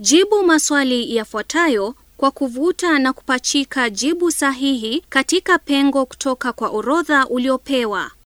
Jibu maswali yafuatayo kwa kuvuta na kupachika jibu sahihi katika pengo kutoka kwa orodha uliopewa.